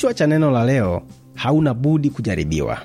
Kichwa cha neno la leo, hauna budi kujaribiwa.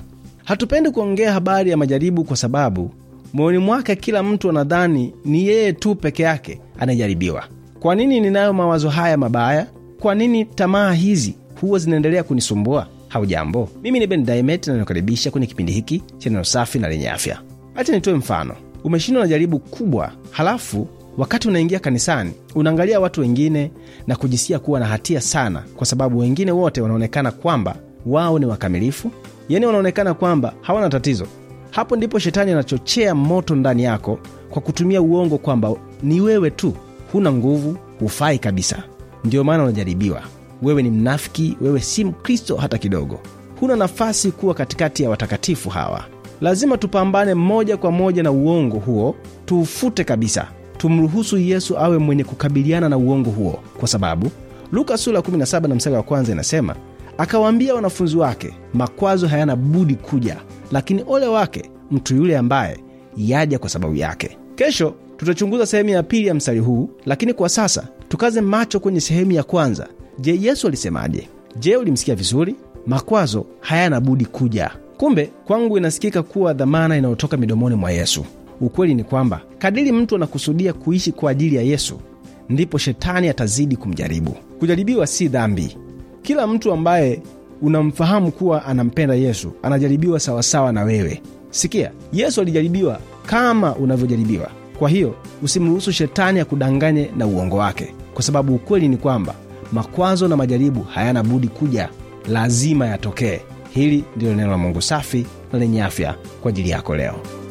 Hatupendi kuongea habari ya majaribu kwa sababu moyoni mwake kila mtu anadhani ni yeye tu peke yake anayejaribiwa. Kwa nini ninayo mawazo haya mabaya? Kwa nini tamaa hizi huwa zinaendelea kunisumbua? Haujambo, mimi ni Ben Diamond na ninakaribisha kwenye kipindi hiki cha neno safi na lenye afya. Acha nitoe mfano. Umeshindwa na jaribu kubwa, halafu Wakati unaingia kanisani, unaangalia watu wengine na kujisikia kuwa na hatia sana, kwa sababu wengine wote wanaonekana kwamba wao ni wakamilifu, yaani wanaonekana kwamba hawana tatizo. Hapo ndipo shetani anachochea moto ndani yako kwa kutumia uongo kwamba ni wewe tu huna nguvu, hufai kabisa, ndiyo maana unajaribiwa. Wewe ni mnafiki, wewe si Mkristo hata kidogo, huna nafasi kuwa katikati ya watakatifu hawa. Lazima tupambane moja kwa moja na uongo huo, tuufute kabisa tumruhusu Yesu awe mwenye kukabiliana na uongo huo, kwa sababu Luka sura 17 na mstari wa kwanza inasema, akawaambia wanafunzi wake, makwazo hayana budi kuja, lakini ole wake mtu yule ambaye yaja kwa sababu yake. Kesho tutachunguza sehemu ya pili ya mstari huu, lakini kwa sasa tukaze macho kwenye sehemu ya kwanza. Je, Yesu alisemaje? Je, ulimsikia vizuri? Makwazo hayana budi kuja. Kumbe kwangu inasikika kuwa dhamana inayotoka midomoni mwa Yesu. Ukweli ni kwamba kadiri mtu anakusudia kuishi kwa ajili ya Yesu, ndipo shetani atazidi kumjaribu. Kujaribiwa si dhambi. Kila mtu ambaye unamfahamu kuwa anampenda Yesu anajaribiwa sawasawa na wewe. Sikia, Yesu alijaribiwa kama unavyojaribiwa. Kwa hiyo usimruhusu shetani akudanganye na uongo wake, kwa sababu ukweli ni kwamba makwazo na majaribu hayana budi kuja, lazima yatokee. Hili ndilo neno la Mungu safi na lenye afya kwa ajili yako leo.